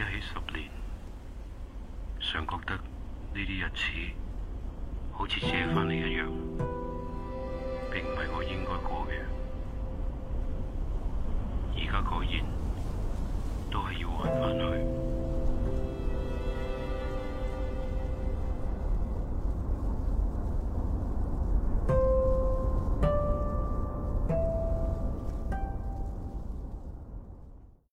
一起十年，常覺得呢啲日子好似借翻嚟一樣，並唔係我應該過嘅。而家果然，都係要還翻去。